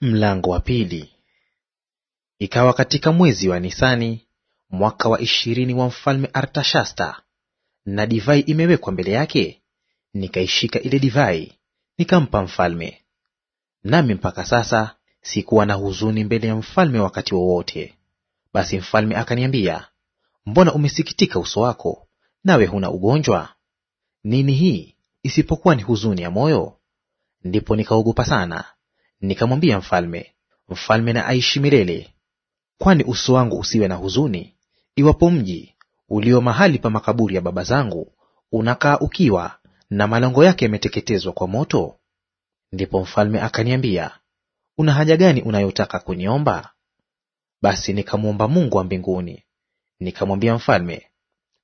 Mlango wa pili. Ikawa katika mwezi wa Nisani mwaka wa ishirini wa mfalme Artashasta, na divai imewekwa mbele yake, nikaishika ile divai nikampa mfalme. Nami mpaka sasa sikuwa na huzuni mbele ya mfalme wakati wowote. Basi mfalme akaniambia, mbona umesikitika uso wako, nawe huna ugonjwa? Nini hii isipokuwa ni huzuni ya moyo? Ndipo nikaogopa sana Nikamwambia mfalme, mfalme na aishi milele, kwani uso wangu usiwe na huzuni iwapo mji ulio mahali pa makaburi ya baba zangu unakaa ukiwa na malango yake yameteketezwa kwa moto. Ndipo mfalme akaniambia, una haja gani unayotaka kuniomba? Basi nikamwomba Mungu wa mbinguni, nikamwambia mfalme,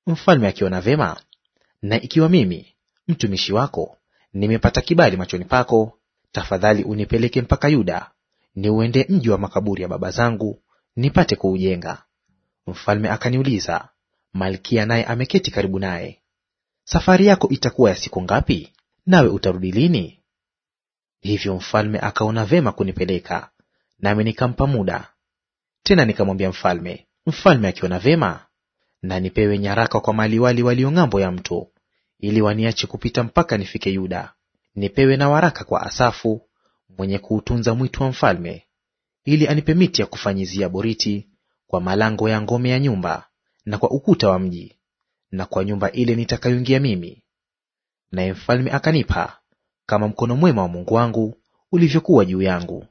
mfalme akiona vema, na ikiwa mimi mtumishi wako nimepata kibali machoni pako, tafadhali unipeleke mpaka Yuda, niuende mji wa makaburi ya baba zangu, nipate kuujenga. Mfalme akaniuliza, malkia naye ameketi karibu naye, safari yako itakuwa ya siku ngapi? Nawe utarudi lini? Hivyo mfalme akaona vema kunipeleka, nami nikampa muda. Tena nikamwambia mfalme, mfalme akiona vema na nipewe nyaraka kwa maliwali walio ng'ambo ya mto, ili waniache kupita mpaka nifike Yuda, nipewe na waraka kwa Asafu mwenye kuutunza mwitu wa mfalme, ili anipe miti ya kufanyizia boriti kwa malango ya ngome ya nyumba na kwa ukuta wa mji na kwa nyumba ile nitakayoingia mimi. Naye mfalme akanipa kama mkono mwema wa Mungu wangu ulivyokuwa juu yangu.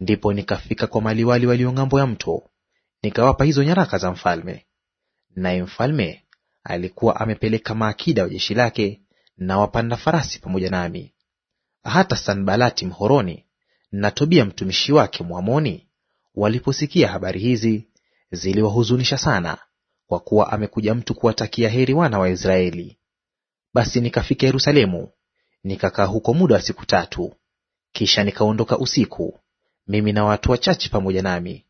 Ndipo nikafika kwa maliwali walio ng'ambo ya mto, nikawapa hizo nyaraka za mfalme. Naye mfalme alikuwa amepeleka maakida wa jeshi lake na wapanda farasi pamoja nami. Hata Sanbalati Mhoroni na Tobia mtumishi wake Mwamoni waliposikia habari hizi, ziliwahuzunisha sana, kwa kuwa amekuja mtu kuwatakia heri wana wa Israeli. Basi nikafika Yerusalemu, nikakaa huko muda wa siku tatu. Kisha nikaondoka usiku, mimi na watu wachache pamoja nami,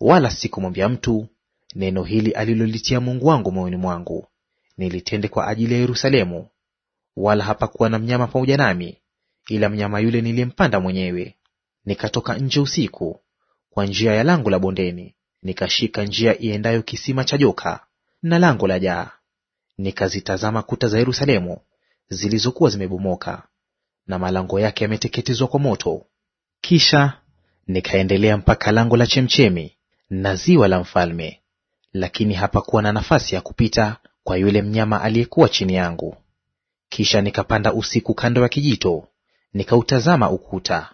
wala sikumwambia mtu neno hili alilolitia Mungu wangu moyoni mwangu, nilitende kwa ajili ya Yerusalemu wala hapakuwa na mnyama pamoja nami, ila mnyama yule niliyempanda mwenyewe. Nikatoka nje usiku kwa njia ya lango la bondeni, nikashika njia iendayo kisima cha joka na lango la jaa. Nikazitazama kuta za Yerusalemu zilizokuwa zimebomoka na malango yake yameteketezwa kwa moto. Kisha nikaendelea mpaka lango la chemchemi na ziwa la mfalme, lakini hapakuwa na nafasi ya kupita kwa yule mnyama aliyekuwa chini yangu. Kisha nikapanda usiku kando ya kijito, nikautazama ukuta.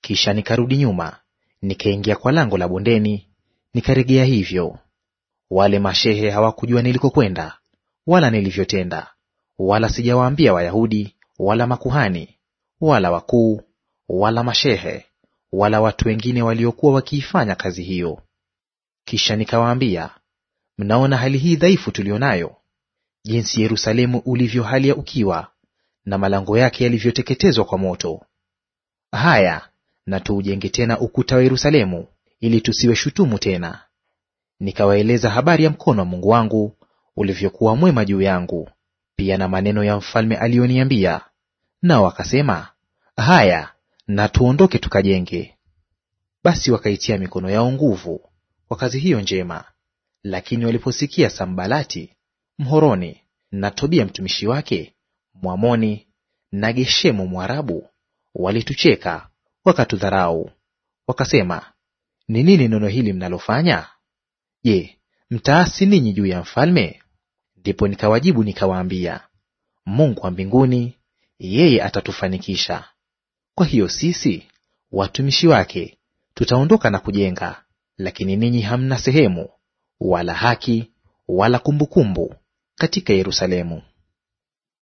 Kisha nikarudi nyuma, nikaingia kwa lango la bondeni, nikaregea hivyo. Wale mashehe hawakujua nilikokwenda, wala nilivyotenda, wala sijawaambia Wayahudi, wala makuhani, wala wakuu, wala mashehe, wala watu wengine waliokuwa wakiifanya kazi hiyo. Kisha nikawaambia, mnaona hali hii dhaifu tuliyo nayo jinsi Yerusalemu ulivyo hali ya ukiwa, na malango yake yalivyoteketezwa kwa moto. Haya, na tuujenge tena ukuta wa Yerusalemu, ili tusiwe shutumu tena. Nikawaeleza habari ya mkono wa Mungu wangu ulivyokuwa mwema juu yangu, pia na maneno ya mfalme aliyoniambia. Nao wakasema, haya, na tuondoke tukajenge. Basi wakaitia mikono yao nguvu kwa kazi hiyo njema. Lakini waliposikia Sambalati Mhoroni na Tobia mtumishi wake Mwamoni na Geshemu Mwarabu walitucheka wakatudharau, wakasema, ni nini neno hili mnalofanya? Je, mtaasi ninyi juu ya mfalme? Ndipo nikawajibu nikawaambia, Mungu wa mbinguni yeye atatufanikisha. Kwa hiyo sisi watumishi wake tutaondoka na kujenga, lakini ninyi hamna sehemu wala haki wala kumbukumbu katika Yerusalemu.